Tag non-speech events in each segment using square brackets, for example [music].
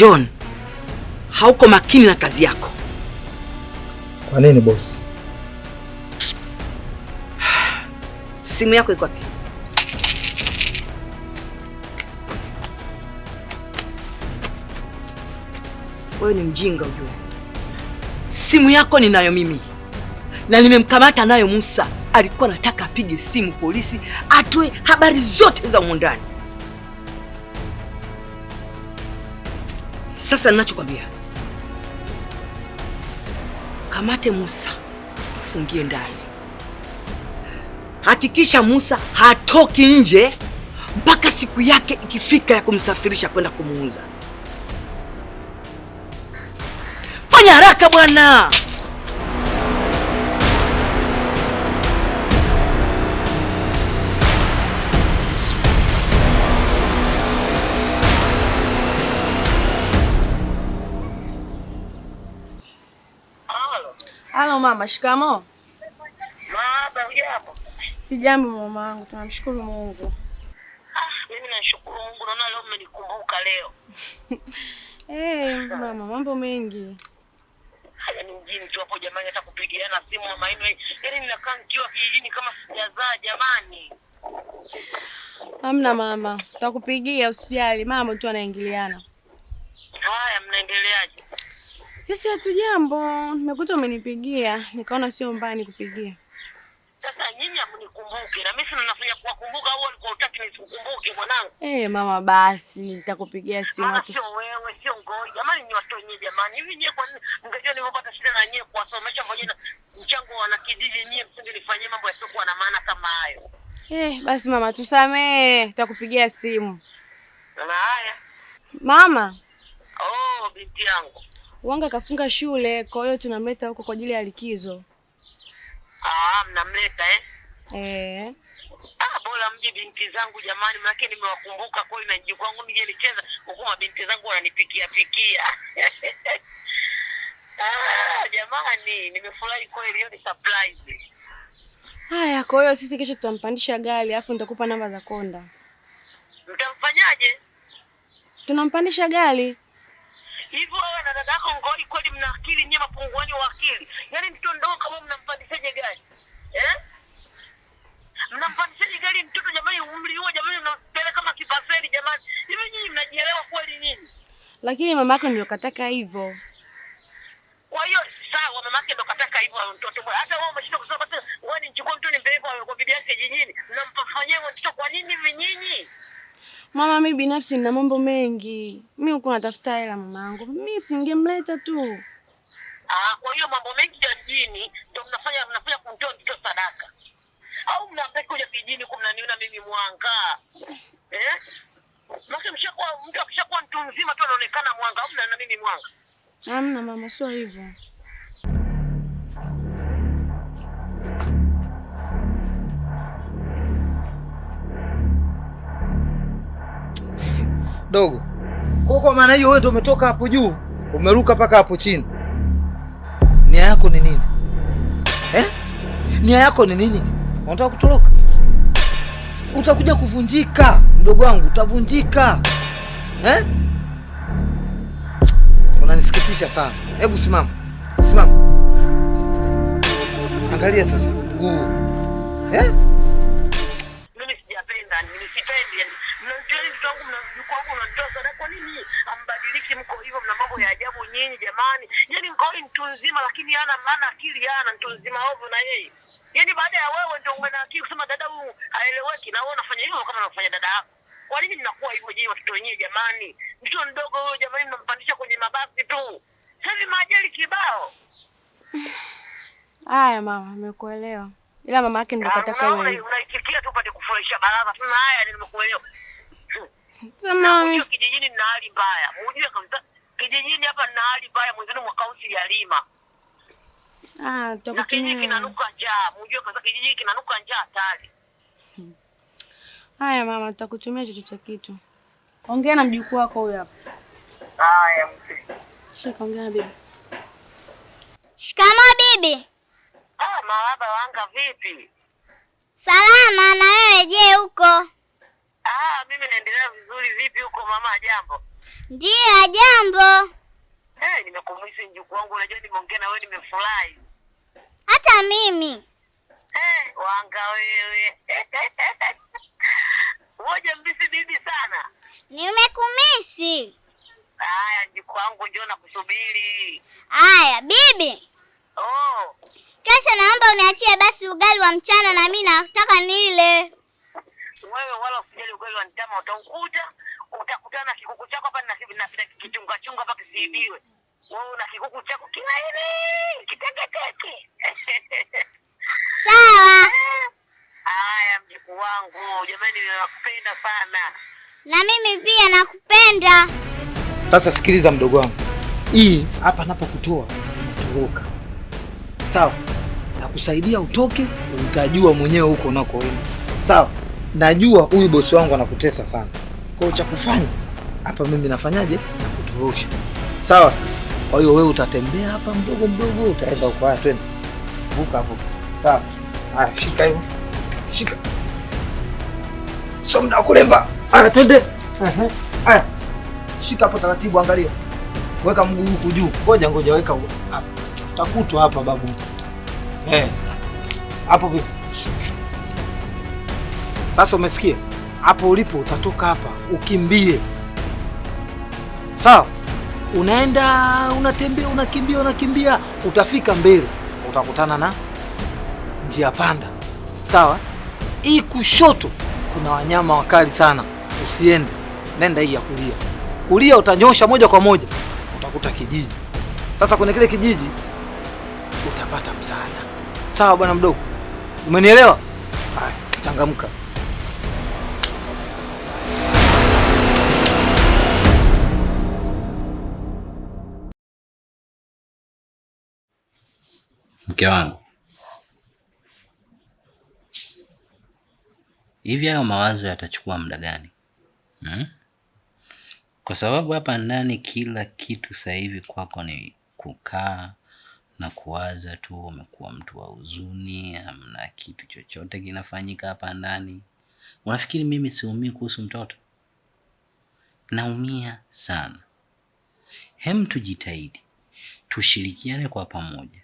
John, hauko makini na kazi yako. Kwa nini bosi? Simu yako iko wapi? Wewe ni mjinga ujue. Simu yako ninayo mimi na nimemkamata nayo Musa. Alikuwa anataka apige simu polisi atoe habari zote za umundani Sasa ninachokwambia, kamate Musa mfungie ndani, hakikisha Musa hatoki nje mpaka siku yake ikifika ya kumsafirisha kwenda kumuuza. Fanya haraka bwana. Halo mama, shikamo. Marahaba, hujambo? Sijambo mama wangu, tunamshukuru Mungu. Ah, mimi nashukuru Mungu naona leo mmenikumbuka leo. [laughs] Eh, mama, mambo mengi. Haya ni mjini tu hapo jamani, hata kupigiana simu mama yenu. Yaani ninakaa nikiwa kijijini kama sijazaa jamani. Hamna mama, tutakupigia usijali. Mama tu anaingiliana. Haya, mnaendeleaje? Sisi hatu jambo, nimekuta umenipigia, nikaona sio mbaya nikupigia. Sasa nyinyi amnikumbuke na mimi sina nafasi ya kuwakumbuka au alikuwa hutaki nisikukumbuke mwanangu. Eh, hey, mama basi nitakupigia simu tu. Sio wewe, sio ngoi. Jamani ni watu wenyewe jamani. Hivi nyewe kwa nini mngejua nimepata shida na nyewe kuwasomesha pamoja na mchango wa kijiji, nyewe msingi nifanyie mambo yasiokuwa na maana kama hayo. Eh, hey, basi mama tusamee, nitakupigia simu. Na haya. Mama. Oh, binti yangu. Wanga kafunga shule, kwa hiyo tunamleta huko kwa ajili ya likizo. Ah, mnamleta eh? Eh. Ah, bora mje binti zangu jamani, maana nimewakumbuka kwa hiyo naji kwangu nije nicheza huko, mabinti zangu wananipikia pikia. [laughs] ah, jamani nimefurahi kweli, hiyo ni surprise. Haya, kwa hiyo sisi kesho tutampandisha gari, alafu nitakupa namba za konda. Mtamfanyaje? Tunampandisha gari. Hivyo wewe na dada yako Ngoi kweli mna akili nyinyi, mapunguani wa akili. Yaani mtoto mdogo kama mnampandishaje gari? Eh? Mnampandishaje gari mtoto jamani, umri huo jamani, mnampeleka kama kibaseli jamani. Hivi nyinyi mnajielewa kweli nyinyi? Lakini mama yako ndio kataka hivyo. Kwa hiyo sawa, mama yake ndio kataka hivyo mtoto. Hata wewe umeshinda kusema basi, wewe ni mchukue mtu mbele kwa bibi yake jijini. Mnampafanyia mtoto kwa nini vinyinyi Mama, mi binafsi nina mambo mengi, mi huko natafuta hela mamangu, mi singemleta tu. Ah, kwa hiyo mambo mengi ya mjini ndio mnafanya mnafanya kumtoa mtoto sadaka au mnapeka kuja kijini kumnaniona mimi mwanga eh? Maki mshakuwa mtu akishakuwa mtu mzima tu anaonekana mwanga au mnaona mimi mwanga? Hamna mama, sio hivyo. dogo. Kwa kwa maana hiyo wewe ndio umetoka hapo juu umeruka mpaka hapo chini. Nia yako ni nini eh? Nia yako ni nini? Unataka kutoroka? Utakuja kuvunjika mdogo wangu, utavunjika eh? Unanisikitisha sana. Hebu simama, simama, angalia sasa mguu eh? huku unatoa sadaka. Kwa nini ambadiliki? Mko hivyo, mna mambo ya ajabu nyinyi jamani. Yani ngoi mtu nzima, lakini hana maana akili, yana mtu nzima ovyo na yeye. Yani baada ya wewe ndio uwe na akili kusema dada huyu haeleweki, na wewe unafanya hivyo kama unafanya dada yako. Kwa nini mnakuwa hivyo nyinyi watoto wenyewe jamani? Mtoto mdogo huyo jamani, mnampandisha kwenye mabasi tu. Sasa maajali kibao. [sighs] Haya mama, nimekuelewa. Ila mama yake ndo ah, kataka yeye. Unaikikia tu upate kufurahisha baraza. Tuna haya nimekuelewa. Kijijini na hali mbaya. Mjue kabisa kijijini hapa na hali mbaya mwa kaunti ya Lima. Ah, Kijiji kinanuka njaa. Mjue kabisa kinanuka njaa hatari. Haya mama, tutakutumia chochote kitu. Ongea na mjukuu wako huyo hapa. Haya mzee. Shika ongea na bibi. Shikamoo bibi. Ah, mawaba wanga vipi? Salama na wewe je huko? Ah, mimi naendelea vizuri. Vipi huko mama, ajambo? Ndiyo, ajambo. Hey, eh, nimekumwisi mjukuu wangu, unajua nimeongea na wewe nimefurahi. Hata mimi. Hey, eh, wanga wewe. Woja [laughs] mbisi bibi sana. Nimekumisi. Haya, mjukuu wangu njoo nakusubiri. Haya, bibi. Oh. Kesho naomba uniachie basi ugali wa mchana na mimi nataka nile. Wewe wala mwezi wa njama utaukuta, utakutana na kikuku chako hapa na na kitunga chunga hapa kisiibiwe, wewe una kikuku chako kilaini kiteketeke. Sawa. [laughs] Haya, mjukuu wangu, jamani, nakupenda sana. Na mimi pia nakupenda. Sasa sikiliza, mdogo wangu, hii hapa napokutoa toroka, sawa? Nakusaidia utoke, utajua mwenyewe huko unakoenda, sawa? najua huyu bosi wangu anakutesa sana. Kwa hiyo cha kufanya hapa mimi nafanyaje? Nakutorosha. Sawa. Kwa hiyo wewe utatembea hapa mdogo mdogo, utaenda huko. Haya, twende. Vuka hapo. Sawa. Haya, shika hiyo. Shika. Sio mna kulemba. Haya, twende. Ehe. Haya. Shika hapo taratibu, angalia. Weka mguu huku juu. Ngoja ngoja, weka Tutakutwa hapa babu. Eh. Hapo vipi? Sasa umesikia hapo ulipo, utatoka hapa ukimbie, sawa? Unaenda unatembea, unakimbia, unakimbia, utafika mbele, utakutana na njia panda, sawa? Hii kushoto kuna wanyama wakali sana, usiende. Nenda hii ya kulia. Kulia utanyosha moja kwa moja, utakuta kijiji. Sasa kwenye kile kijiji utapata msaada, sawa bwana mdogo, umenielewa? Changamka. Mke wangu, hivi hayo mawazo yatachukua muda gani hmm? Kwa sababu hapa ndani kila kitu sasa hivi kwako ni kukaa na kuwaza tu. Umekuwa mtu wa huzuni, hamna kitu chochote kinafanyika hapa ndani. Unafikiri mimi siumii kuhusu mtoto? Naumia sana. Hem, tujitahidi tushirikiane kwa pamoja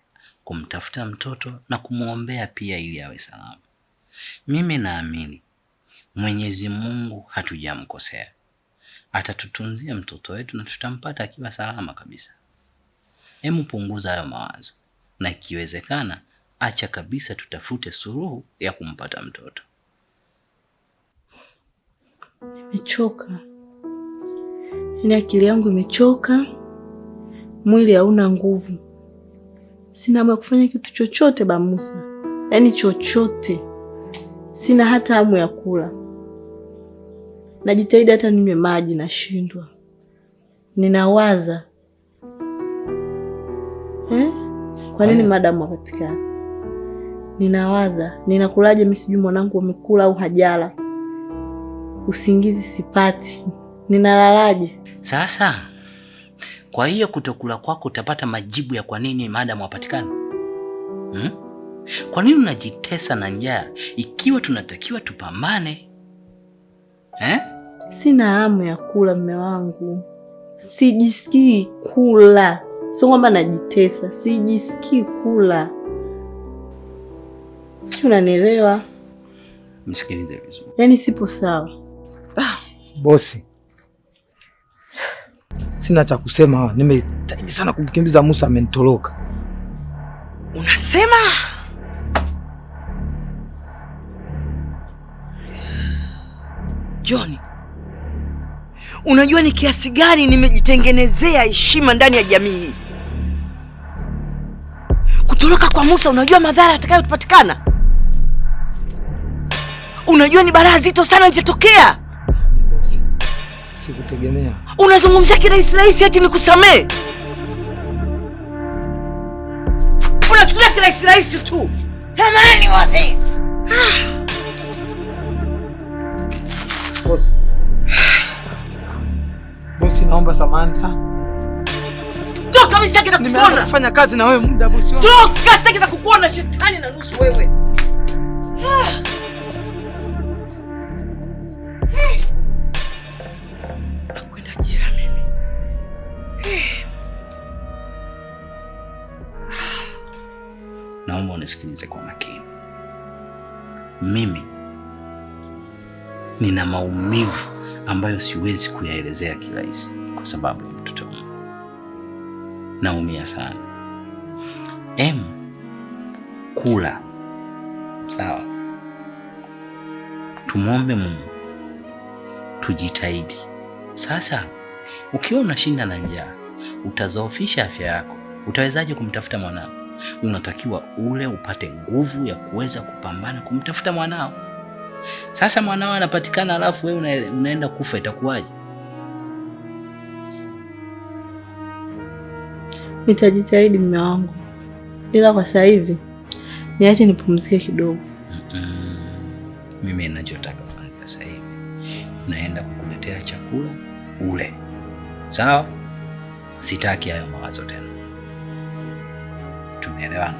kumtafuta mtoto na kumwombea pia ili awe salama. Mimi naamini Mwenyezi Mungu hatujamkosea, atatutunzia mtoto wetu na tutampata akiwa salama kabisa. Hemu punguza hayo mawazo, na ikiwezekana acha kabisa, tutafute suluhu ya kumpata mtoto. Nimechoka, yaani akili yangu imechoka, mwili hauna nguvu. Sina hamu ya kufanya kitu chochote ba Musa, yaani chochote. Sina hata hamu ya kula, najitahidi hata ninywe maji nashindwa, ninawaza eh? Kwa nini madamu wapatikana? Ninawaza ninakulaje mimi, sijui mwanangu amekula au hajala, usingizi sipati, ninalalaje sasa? Kwa hiyo kutokula kwako utapata majibu ya kwa nini maadamu hapatikani, hmm? Kwa nini unajitesa na njaa ikiwa tunatakiwa tupambane eh? Sina hamu ya kula mme wangu, sijisikii kula. Sio kwamba najitesa, sijisikii kula. Si unanielewa? Msikilize vizuri, yaani sipo sawa. Ah, bosi Sina cha kusema, nimejitahidi sana kumkimbiza Musa, amenitoroka. Unasema John, unajua ni kiasi gani nimejitengenezea heshima ndani ya jamii hii? Kutoroka kwa Musa, unajua madhara atakayotupatikana? Unajua ni balaa zito sana litatokea. Sikutegemea. Unazungumzia kirahisi rahisi ati nikusamee? Unachukulia kirahisi rahisi tu. Jamani wote. [sighs] Bosi. Bosi, naomba samahani sana. Toka mimi sitaki kukuona. kufanya kazi na wewe muda bosi wangu. Toka sitaki kukuona, shetani na nusu wewe. [sighs] Ah. nina maumivu ambayo siwezi kuyaelezea kirahisi kwa sababu ya mtoto wangu. Naumia sana. M, kula sawa, tumwombe Mungu, tujitahidi. Sasa ukiwa unashinda na njaa utazoofisha afya yako, utawezaje kumtafuta mwanao? Unatakiwa ule upate nguvu ya kuweza kupambana kumtafuta mwanao. Sasa mwanao anapatikana, alafu wewe unaenda kufa, itakuwaje? Nitajitahidi mume wangu, ila kwa sasa hivi niache nipumzike kidogo. -mm. Mimi ninachotaka kufanya sasa hivi, naenda kukuletea chakula ule, sawa? Sitaki hayo mawazo tena, tumeelewana?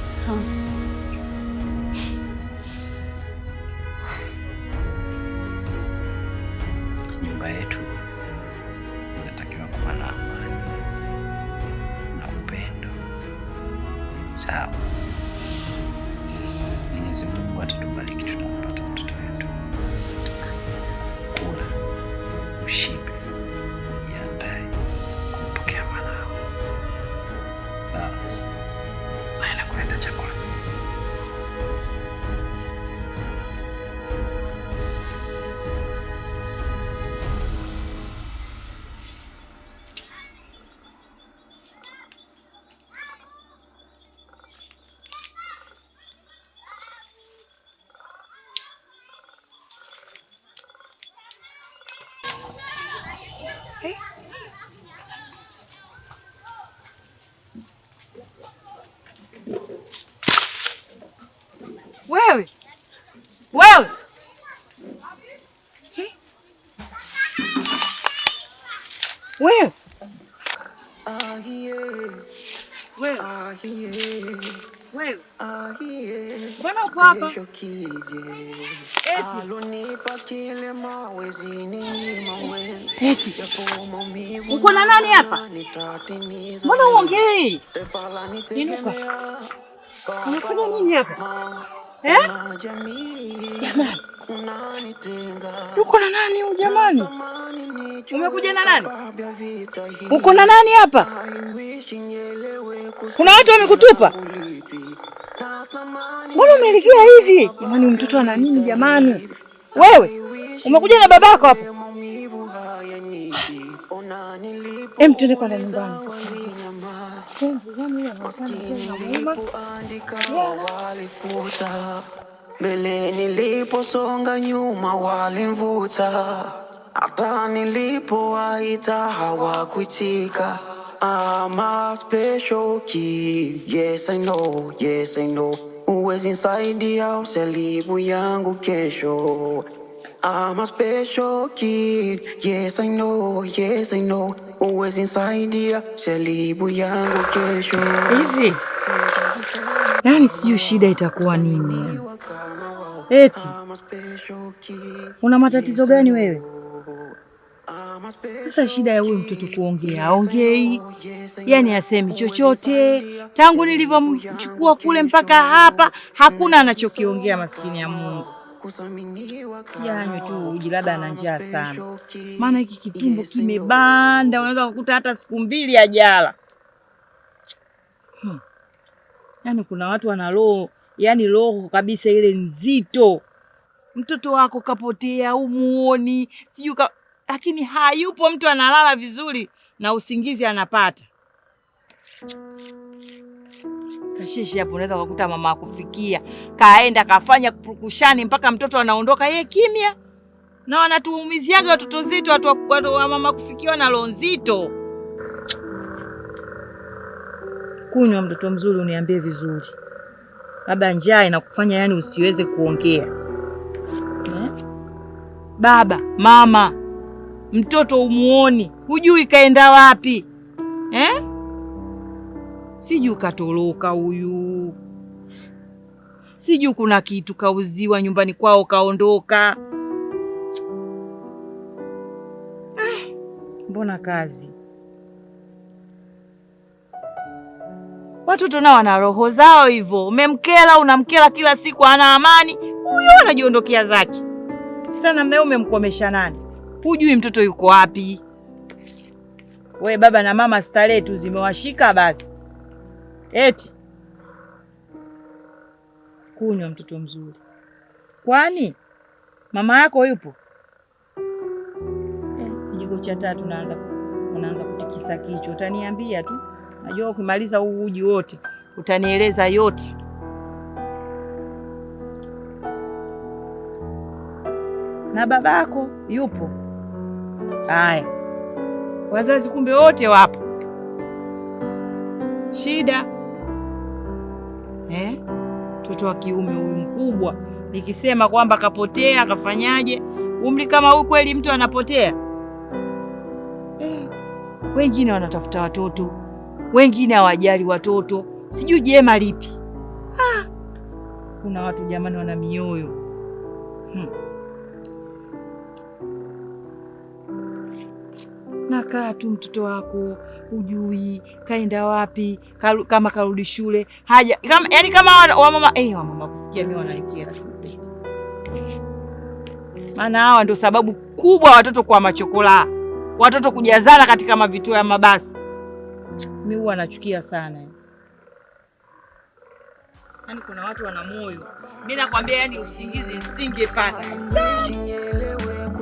Sawa. baba yetu. Wewe wewe mbona uko hapa? Uko na nani hapa? Mbona uongei? Inuka. Unafanya nini hapa? Eh? Jamani, uko na nani huyu jamani? Umekuja na nani? Uko na nani hapa? Kuna watu wamekutupa? Mbona umelikia hivi jamani? Mtoto ana nini jamani? Wewe umekuja na babako hapa Em, twende nyumbani. Nilipoandika walifuta, mbele niliposonga nyuma walimvuta, hata nilipowaita hawakuitika. I'm a special kid, yes I know, yes I know. Uwezi nisaidia usalibu yangu kesho. I'm a special kid, yes I know, yes I know. Hivi yani sijui shida itakuwa nini? Eti una matatizo gani wewe? Sasa shida ya huyu mtoto kuongea aongei, yani asemi chochote. Tangu nilivyomchukua kule mpaka hapa hakuna anachokiongea, maskini ya Mungu. Yanywe tu uji, labda ana njaa sana, maana hiki kitumbo kimebanda, unaweza kukuta hata siku mbili hajala. Hmm. Yaani kuna watu wana roho, yaani roho kabisa ile nzito, mtoto wako kapotea, umuoni sijui ka... lakini hayupo, mtu analala vizuri na usingizi anapata. Tashishi hapo unaweza kukuta mama akufikia kaenda kafanya kupukushani mpaka mtoto anaondoka yeye kimya, na wanatuumiziaga watoto zetu watu wa mama kufikiwa na roho nzito. Kunywa mtoto mzuri, uniambie vizuri, labda njaa inakufanya yani usiweze kuongea eh? Baba mama, mtoto umuoni, hujui kaenda wapi eh? sijui katoroka huyu, sijui kuna kitu kauziwa nyumbani kwao kaondoka. Ah, mbona kazi watoto nao wana roho zao hivyo. Umemkela, unamkela kila siku, ana amani huyo, anajiondokea zake sana. Mmeo umemkomesha nani? Hujui mtoto yuko wapi. We baba na mama, starehe tu zimewashika basi. Eti kunywa, mtoto mzuri. Kwani mama yako yupo? Eh, kijiko cha tatu naanza unaanza kutikisa kichwa. Utaniambia tu, najua ukimaliza huu uji wote utanieleza yote. Na babako yupo? Haya, wazazi kumbe wote wapo. Shida Eh? mtoto wa kiume huyu mkubwa, nikisema kwamba kapotea akafanyaje? Umri kama huu kweli mtu anapotea? Eh, wengine wanatafuta watoto, wengine hawajali watoto, sijui jema lipi. Ah, kuna watu jamani, wana mioyo hmm. nakaa tu, mtoto wako ujui kaenda wapi, kalu, kama karudi shule haja kama, yani kama wamama eh, wamama kusikia mimi wananikera, maana hawa ndio sababu kubwa watoto kwa machokola, watoto kujazana katika mavituo ya mabasi. mi huwa nachukia sana yani, kuna watu wana moyo, mimi nakwambia, yani usingizi nisingepata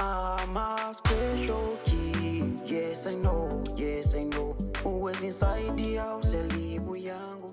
I'm a special key. Yes, I know, yes, I know. Always inside the house, with young.